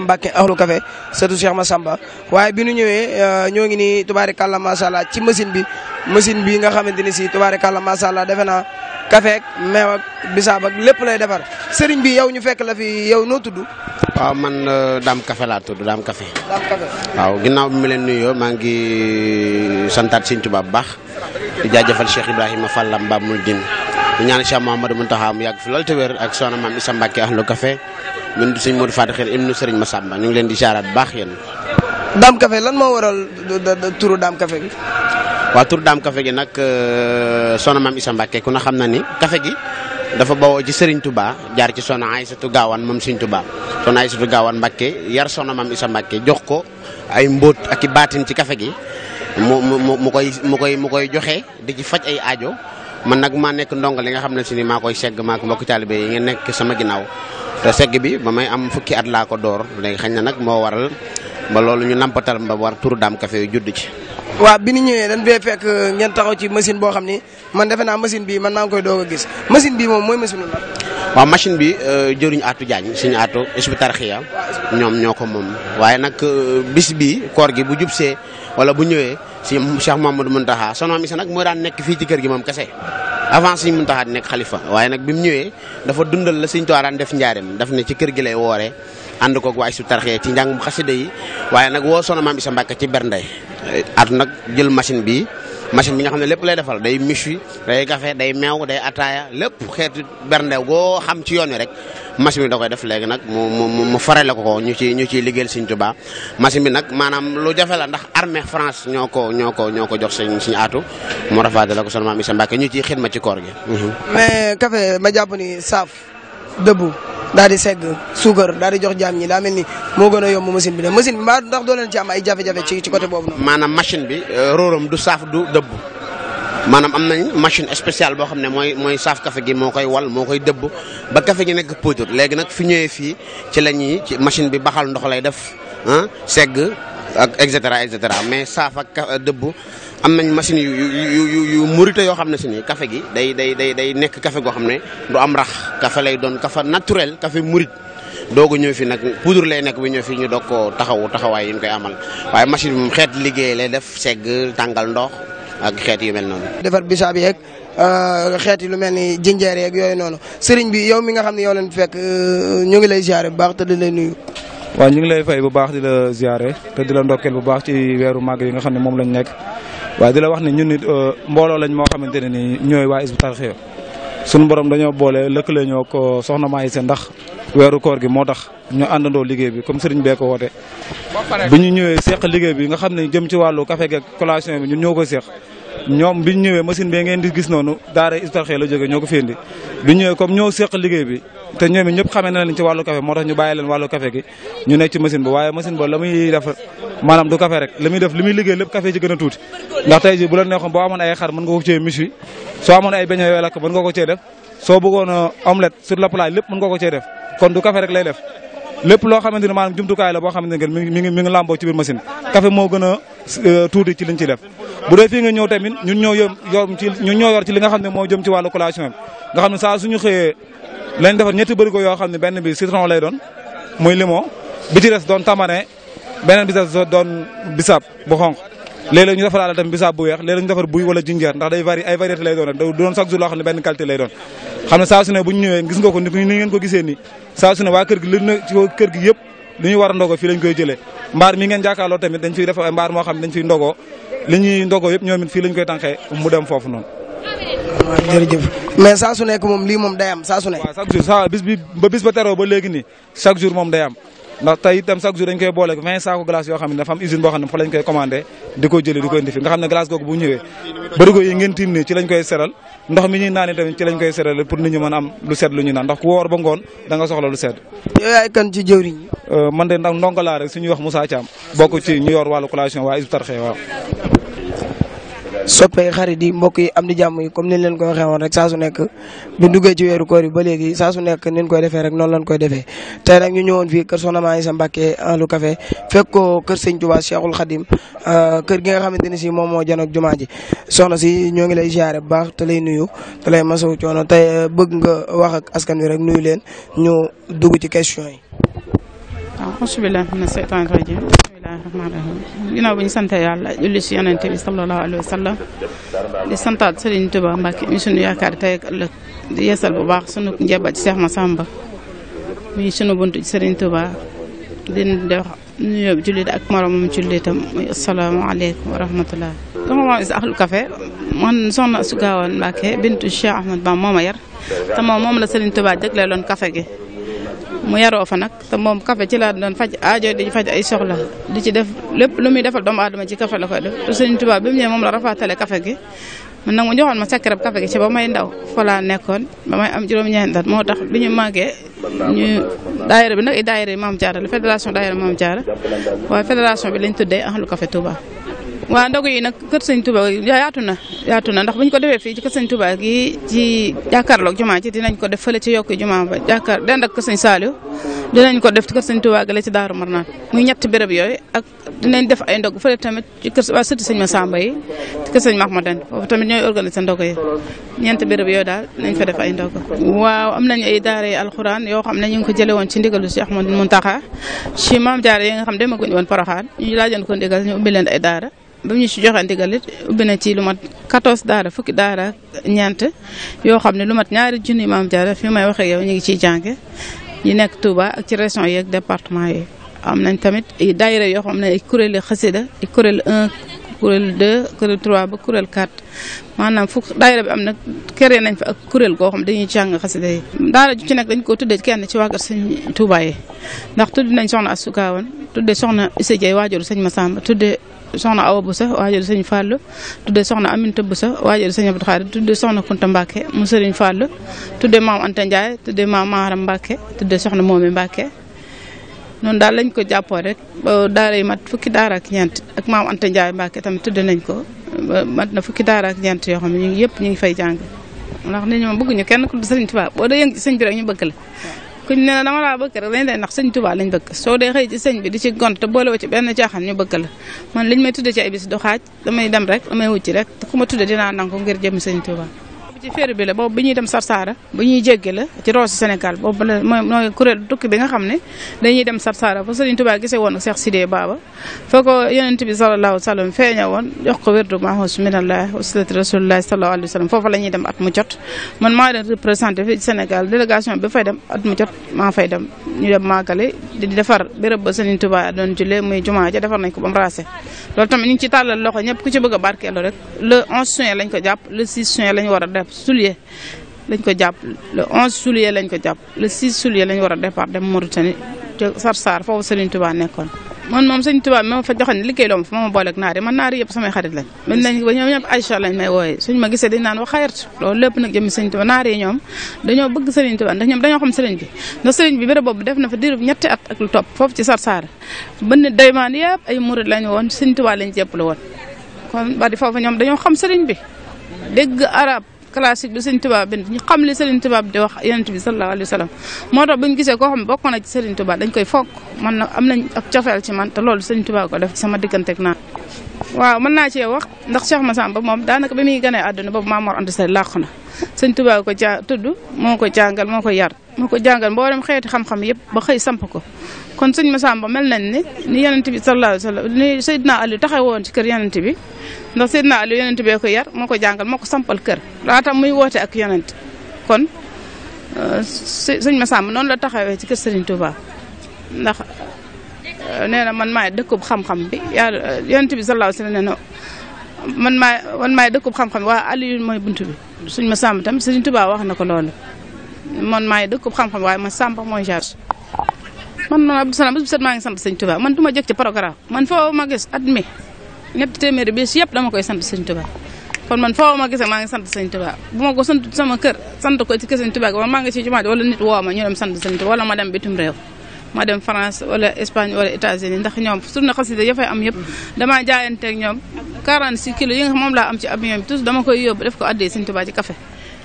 Mbacke ahlu café sëtu Cheikh Massamba waaye bi nu ñëwee euh, ñoo ngi nii tubaarikàlla macha allah ci machine bi machine bi nga xamante ni si tubaarikàlla macha allah defe naa café ak meew ak bisaab ak lépp lay defar sëriñ bi yow ñu fekk la fi yow noo tudd. waaw man euh, daam café laa tudd daam café. waaw ginnaaw bi ma leen nuyoo maa ngi euh, santaat si Tuubaa bu baax di jaajëfal Cheikh baa Fall Mbamoul Dine di ñaan Cheikh Mouhamadou Mountakha mu yàgg fi lool te wér ak soxna mu di sëñ Modou Faty Xel ibnu sëriñ Massamba ñu ngi leen di jaaraat bu baax yéen. Dame Café lan moo waral turu Dame Café gi. waaw turu Dame Café gi nag euh, soxna maam Issa Mbacke ku na xam na ni kafe gi dafa bawoo ci sëriñ Touba jaar ci soxna Aysatu Gaawaan moom sëriñ Touba soxna Aysatu Gaawaan Mbacke yar soxna maam Issa Mbacke jox ko ay mbóot ak i baatin ci kafe gi mu mu mu koy mu koy mu koy joxe di ci faj ay aajo man nag maa nekk ndongo li nga xam ne si ni maa koy segg maa ko mbokk taalibe yi ngeen nekk sama ginnaaw. te segg bi ba may am fukki at laa ko door léegi xañ na nag moo waral ba loolu ñu nampatal ba war turu daam café yu judd ci. waaw bi nu ñëwee dañ fee fekk ngeen taxaw ci machine boo xam ni man defe naa machine bi man maa ngi koy doo gis machine bi moom mooy machine la. waaw machine bi euh, jëruñ Atou Diagne suñu Atou hospital xiya ñoom ñoo ko moom waaye nag euh, bis bi koor gi bu jubsee wala bu ñëwee si mun Mamadou Mountakha sonoom isa nag mooy daan nekk fii ci kër gi moom kese. avant Sëñ Muntaxa di nekk xalifa waaye nag bi mu ñëwee dafa dundal la Sëñ Tuubaa daan def njaareem daf ne ci kër gi lay woore ànd koog waaye su tarxee ci njàngum xasida day waaye nag woo sono maam Isa Mbàkke ci bernde at nag jël machine bi machine bi nga xam ne lépp lay defal day michu day café day meew day ataaya lépp xeetu bernde boo xam ci yoon wi rek machine bi da koy def léegi nag mu mu mu farale ko ñu ci ñu ciy liggéeyal Sëñ Tuubaa machine bi nag maanaam lu jafe la ndax armée France ñoo ko ñoo ko ñoo ko jox sëñ suñu aatu mu rafaate la ko seulement Issa Mbacke ñu ciy ma ci koor gi. Mhm. mais café ma jàpp ni saaf dëbbu daal di segg suukar daal di jox jaam ñi daa mel ni moo gën a yomb machine bi de machine bi maa ndax doo leen ci am ay jafe-jafe ci ci côté boobu noonu. maanaam machine bi euh, róoram du saaf du dëbbu. maanaam am nañ machine spéciale boo xam ne mooy mooy saaf café gi moo koy wal moo koy dëbb ba kafe gi nekk poudre léegi nag fi ñëwee fii ci la ñuy ci machine bi baxal ndox lay def ah segg ak et cetera et cetera mais saaf ak am nañ machine yu yu yu yoo xam ne si ni café gi day day day day nekk café goo xam ne du am rax café doon café naturel café murit doogu ñëw fi nag poudre lay nekk bi ñëw fi ñu dog koo taxawu taxawaay yi ñu koy amal waaye machine bi moom xeet liggéey lay def segg tàngal ndox ak xeet yu mel noonu. defar bisaab yeeg euh, xeet yi lu mel ni jinjeer yeeg yooyu noonu sëriñ bi yow mi nga xam ne yow leen fekk euh, ñu ngi lay ziare bu baax ta di lay nuyu. waaw ñu ngi lay fay bu baax di la ziare te di la ndokkeel bu baax ci weeru màgg yi nga xam ne moom lañ nekk waaye di la wax ne ñun nit euh, mbooloo lañ moo xamante ne nii ñooy waa Hizbut Tarqiyyah suñu borom dañoo boole lëkkale ñoo ko soxna maa yi ndax weeru koor gi moo tax ñu àndandoo liggéey bi comme sëriñ bee ko woote. bi ñu ñëwee seq liggéey bi nga xam ne jëm ci wàllu café gi ak collation bi ñun ñoo ko seq ñoom bi ñu ñëwee machine bee ngeen di gis noonu daara Hizbut Tarqiyyah la jógee ñoo ko fi indi bi ñu comme ñoo seq liggéey bi te ñoom ñëpp xamee na leen ci wàllu café moo tax ñu bàyyi leen wàllu café gi ñu nekk ci machine ba waaye machine ba la def maanaam du café rek la liggéey lépp café ci gën a tuuti ndax tey bu la neexoon boo amoon ay xar mën ko cee miche soo amoon ay beñe yooyu lakk mën nga ko cee def soo bëggoon omelette sur la plage lépp mën nga ko cee def kon du boo xamante ne mi ngi mi ci biir machine café moo gën a euh, tuuti ci liñ ci def bu dee fii nga ñëw tamit ñun ñoo yor ci ñun nga xam ne moo jëm ci wàllu collation nga xam ne saa suñu xëyee lañ defar ñetti bërigo yoo xam ne benn bi citron lay doon muy limon bi ci des doon tamarin beneen bi des doon bisaab bu xonq léeg-léeg ñu defaraale tam bisaab bu weex léeg-léeg ñu defar buy wala jinjeer ndax day vari ay variété lay doon rek du doon chaque jour loo xam ne benn qualité lay doon xam ne saa bu ñu ñëwee gis nga ko ni ngeen ko gisee nii saa su ne waa kër gi li ne ci kër gi yëpp li ñuy war a ndogoo fii lañ koy jëlee mbaar mi ngeen jàkkaarloo tamit dañ fiy def mbaar moo xam ne dañ fiy ndogoo li ñuy ndogoo lañ koy tànqee mu dem foofu noonu jërëjëf saa su nekk moom li moom day am saa su nekk. waaw chaque jour saa bis bi ba bis ba teroo ba léegi nii chaque jour moom day am ndax tey itam chaque jour dañ koy boole vingt saako glace yoo xam ne dafa am usine boo xam ne fa lañ koy commandé di ko jëlee di ko nga xam ne glace googu bu ñëwee bërigo yi ngeen tiim ci lañ koy seral ndox mi ñuy naan tamit ci lañ koy seral pour nit ñi a am lu sedd lu ñu naan ndax ku woor ba ngoon da soxla lu sedd. yow yaay kan ci jëwriñ yi. Euh, man de ndongo laa rek suñuy wax yor wàllu collation waa Hizbut Tarqiyyah soppee xarit yi mbokk yi am di jàmm yi comme ni leen koy waxee woon rek saa su nekk bi ci weeru koor ba léegi saa nekk ni koy defee rek noonu koy defee tey nag ñu ñëwoon fii kër Soxna Maam Isa Mbàkke Ahlu euh, Café fekk ko kër Sëñ Tuubaa Cheikhul Khadim euh, kër gi nga xamante ni si moom moo janook jumaa ji na si ñoo ngi lay ziare bu baax te lay nuyu te lay masaw coono tey euh, bëgg nga wax ak askan wi rek nuyu leen ñu dugg ci question yi ah, bismillahi rahmaani rahim ginnaaw bi ñu sant yàlla julli ci yonente bi sallallahu alayhi wa sallam di santaat Sëriñ Tuubaa Mbàkke mi sunu yaakaar tey ak di yeesal bu baax sunu njaboot ci ma Masamba mi sunu buntu ci Sëriñ Tuubaa di wax nuyoo bi jullit ak moromam jullitam muy asalaamaaleykum wa rahmatullah sama maam is axlu kafe man soxna su gaawaan Mbàkke bintu Cheikh Ahmad Bamba moo loon kafe gi mu yaroo fa nag te moom kafe ci laa doon faj aajo di faj ay soxla di ci def lépp lu muy defal doomu aadama ci café la koy def te sëñ Tuubaa bi mu ñëwee moom la rafatale kafe gi man nag mu joxoon ma secret café gi ci ba may ndaw fa laa nekkoon ba may am juróom-ñeenti at moo tax bi ñu màggee ñu daayira bi nag i daayira ma Maam Jaara la fédération daayira Maam Jaara waaye fédération bi lañ tuddee ahlu café Touba waaw ndogu yi nag kër sëñ Touba yaatu na yaatu na ndax buñ ko defee fii ci kër sëñ Touba gi ci jàkkaarloog jumaa ci dinañ ko def fële ci yokk jumaa ba jàkkaar dend ak kër sëñ Saliou dinañ ko def ci kër sëñ Touba gi la ci Daaru Marnaan muy ñetti béréb yooy ak dinañ def ay ndog fële tamit ci kër ma sëti sëñ Massamba yi ci kër sëñ Mahmadane foofu tamit ñooy organiser ndog yi ñeenti béréb yooyu daal dinañ fa def ay ndog waaw am nañ ay daara yi alxuraan yoo xam ne ko jële woon ci ndigalu Cheikh Ahmadou Mountakha ci maam daara yi nga xam ne demaguñ woon ñu laajoon ko ndigal leen ay daara ba ñu ci joxe ndigal it ci lu mat 14 daara fukki daara ñeent yoo xam ne lu mat ñaari junni maam jaara fi may waxee yow ñu ngi ciy jànge ñu nekk Touba ak ci région yi département yi am nañ tamit daayira yoo xam ne ay kuréeli xasida ay kuréel 1 kuréel 2 kuréel 3 ba kuréel 4 maanaam fu daayira bi am nag kéré nañ fa ak kuréel goo xam dañuy jàng xasida yi daara ju ci nekk dañ ko tuddee kenn ci waa kër sëñ Touba ndax tudd nañ soxna Asukaawan tuddee soxna Issa Dieye waajuru sëñ Massamba tuddee soxna Awa Boussa waajur sëñ Fallou tuddee soxna Aminta Boussa waajur sëñ Abdou Khadir tuddee soxna Kunta Mbacke mu sëriñ Fallou tuddee maam Anta Ndiaye tuddee maam Maharam Mbacke tuddee soxna Momi Mbacke noonu daal lañ ko jàppoo rek daara yi mat fukki daara ak ñeent ak maam Anta Ndiaye Mbacke tamit tudd nañ ko mat na fukki daara ak ñeent yoo xam ne ñu ngi yëpp ñu ngi fay jàng ndax ne ñoom bëgguñu kenn ku dul sëñ Tuubaa boo dee yëngu ci sëñ bi rek ñu bëgg la kuñ ne la dama laa bëgg rek lañ lay ndax lañ bëgg soo dee sëñ bi di ci gont te boole ci benn caaxaan ñu bëgg la man liñ may tudde ci ay bis du xaaj damay dem rek damay wucci rek ku ma tudde dinaa nangu ngir jëm sëñ Tuubaa ci féeri bi la boobu bi ñuy dem Sarsara bu ñuy jéggi la Sénégal boobu la mooy kuréel tukki bi nga xam ne dañuy dem Sarsara fa Sëriñ Tuubaa gisee woon ak Baaba fa ko yonent bi sallallahu alayhi wa feeña woon jox ko wérdu mahus minallah wasilati rasulillahi sallallahu alayhi wa sallam foofu la dem at mu maa fay dem at dem maagale di defar béréb ba Sëriñ Tuubaa doon jullee muy jumaa ja defar nañ ko ba mu tamit ñu ngi juillet lañ ko jàpp le 11 juillet lañ ko jàpp le 6 juillet lañ war a départ dem Mauritanie te Sarsar foofu Serigne Touba nekkoon. man moom Serigne Touba ma fa joxoon liggéey loo ma fa ma booleeg naar yi man naar yëpp samay xarit lañ. mën nañ ba ñoom ñëpp Aïcha lañ may wooyee suñ ma gisee dañ naan wax xayart loolu lépp nag jëmmi Serigne Touba naar yi ñoom dañoo bëgg Serigne Touba ndax ñoom dañoo xam Serigne bi ndax Serigne bi béréb boobu def na fa diirub ñetti at ak lu topp foofu ci Sarsar bënn daymaan yëpp ay murid lañ woon Serigne Touba lañ jëpp la woon kon bari foofu ñoom dañoo xam sëriñ bi dégg arab classique bi Serigne Touba bind ñu xam li Serigne Touba di wax yonent bi sallallahu alayhi wa sallam moo tax bu ñu gisee koo xam bokk na ci Serigne Touba dañ koy sama digganteeg naa waaw mën naa cee wax ndax ma Massamba moom daanaka ba muy ganee àdduna boobu Maam Mor Anta Sali làqu na sëñ Tuubaa ko jaa tudd moo ko jàngal moo ko yar moo ko jàngal mboolem xeeti xam yëpp ba xëy samp ko kon sëñ Massamba mel nañ ni ni bi sallallahu alayhi wa sallam ni Seydina Aliou taxawoon ci kër yonent bi ndax Seydina Aliou yonent bee ko yar moo ko jàngal ko sampal kër laata muy woote ak yonent kon euh, sëñ Massamba noonu la taxawee ci kër Serigne Touba ndax Euh, nee na man maay dëkkub xam-xam bi yàlla yonent bi sallallahu alayhi wa nee na man maay man maay dëkkub xam-xam waa Alioune mooy buntu bi suñ ma sàmm tam Sëriñ Tuubaa wax na ko loolu man maay dëkkub xam-xam waaye ma sàmm mooy charge man man Abdou Salam bés bu set maa man du ma jëkk ci programme man foo ma gis at mi ñetti téeméeri bés yëpp dama koy sant Sëriñ Tuubaa kon man foo ma gis maa ngi sant Sëriñ Tuubaa bu ma ko sant sama kër sant ko ci kër Sëriñ Tuubaa man maa ngi ci jumaa wala nit woo ñu dem sant Sëriñ Tuubaa wala ma dem bitum réew ma dem France wala Espagne wala États-Unis ndax ñoom surna na ya fay am yëpp damaa jaayanteeg ñoom 46 kilos yi nga xam moom laa am ci avion bi tous dama koy yóbbu def ko addee Sëñ Tuubaa ci café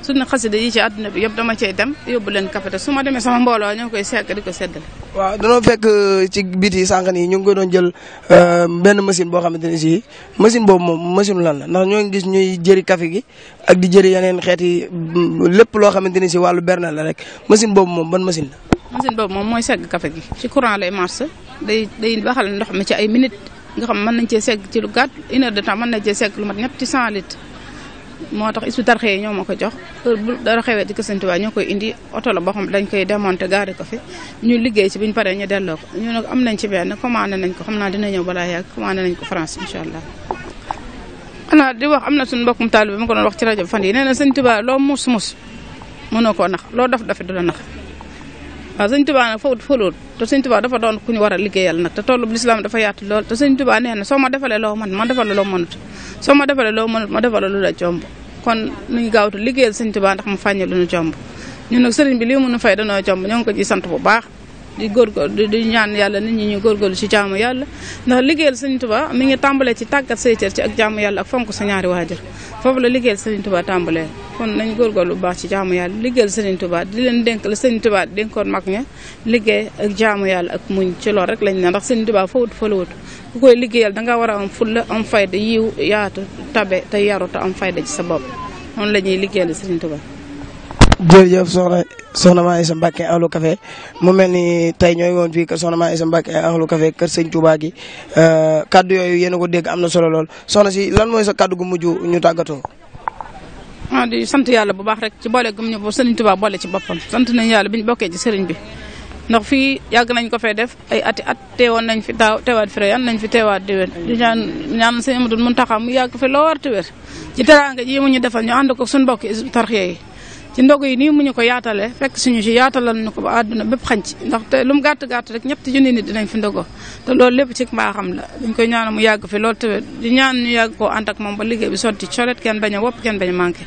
surna xasida yi ci àdduna yëpp dama cey dem yóbbu leen café te su ma demee sama mbooloo ñoo koy sekk di ko seddale waaw danoo fekk euh, ci biti sànq nii ñu ngi ko doon jël euh, benn machine boo xamante ne si machine boobu moom machine lan la ndax ñoo ngi gis ñuy jëri café gi ak di jëri yeneen xeeti mm, lépp loo xamante ne si wàllu berne la rek machine boobu moom ban machine la machine boobu moom mooy segg café gi ci courant lay marché day baxal ndox mi ci ay minutes nga xam man nañ cee seg ci lu gàtt une heure de temps mën nañ cee segg lu mat ñetti cent litres moo tax isu tarxee ñoo ma ko jox bu dara xewee ci kësantuwaay ñoo koy indi oto la boo xam dañ koy démonter garé ko fi ñu liggéey ci buñ paree ñu delloo ko ñu ne am nañ ci benn commandé nañ ko xam naa dina ñëw balaa yàgg commandé nañ ko France incha allah xanaa am na suñu mbokkum taalibe bi ko doon wax ci rajo fan yi nee na sëñ Tuubaa loo mus mus mënoo koo nax loo daf dafi du nax waaw sëñ Tuubaa nag fawut fëloot te sëñ Tuubaa dafa doon ku ñu war a liggéeyal nag te tollub lislaam dafa yaatu lool te sëñ Tuubaa nee na soo ma defalee loo man ma defal loo mënut soo ma defalee loo mënut ma defal lu la comb kon nuñ gaawtu liggéeyal sëñ Tuubaa ndax mu fàññe lu ñu comb ñun nag sëriñ bi lii mënu fay danoo comb ñoo ngi ko ci sant bu baax di góorgóorlu di ñaan yàlla nit ñi ñu góorgóorlu ci jaamu yàlla ndax liggéeyal Sëriñ Tuubaa mi ngi tàmbalee ci tàggat say cër ci ak jaamu yàlla ak fonk sa ñaari waajur foofu la liggéeyal Sëriñ Tuubaa tàmbalee kon nañ góorgóorlu bu baax ci jaamu yàlla liggéeyal Sëriñ Tuubaa di leen dénk la Sëriñ Tuubaa dénkoon mag ña liggéey ak jaamu yàlla ak muñ ci lool rek lañ ne ndax Sëriñ Tuubaa fa wut fa la wut ku koy liggéeyal danga war a am la am fayda yiw yaata tabe te yaru te am fayda ci sa bopp noonu la ñuy liggéeyal Sëriñ Tuubaa jërëjëf soxna soxna maa Isa Mbacke ahlu kafe mu mel ni tey ñooy woon fii kër soxna maa Isa Mbacke ahlu kafe kër sëñ Touba gi euh, kaddu yooyu yéen a ko dégg am na solo lool soxna si lan mooy sa kaddu gu mujj ñu tàggatoo. ah di sant yàlla bu baax ci boole gum ñu sëriñ Touba boole ci boppam sant nañ yàlla bi ñu bokkee ci sëriñ bi ndax fii yàgg nañ ko fee def ay ati at teewoon nañ fi daaw teewaat fi yan nañ fi teewaat di wér di ñaan ñaan sëñ Amadou Muntaxa mu yàgg fi loo war te wér ci teraanga ji mu ñu defal ñu ànd ko suñu mbokk tarxiya yi ci ndog yi nii mu ñu ko yaatalee fekk suñu si yaatalal ñu ko ba àdduna bépp xañ ci ndaxte lu mu gàtt gàtt rek ñetti junni nit dinañ fi ndogoo te loolu lépp ci mbaaxam la dañ koy ñaana mu yàgg fi loolu tamit di ñaan ñu yàgg ko ànd ak moom ba liggéey bi sotti colet kenn bañ a wopp kenn bañ a manqué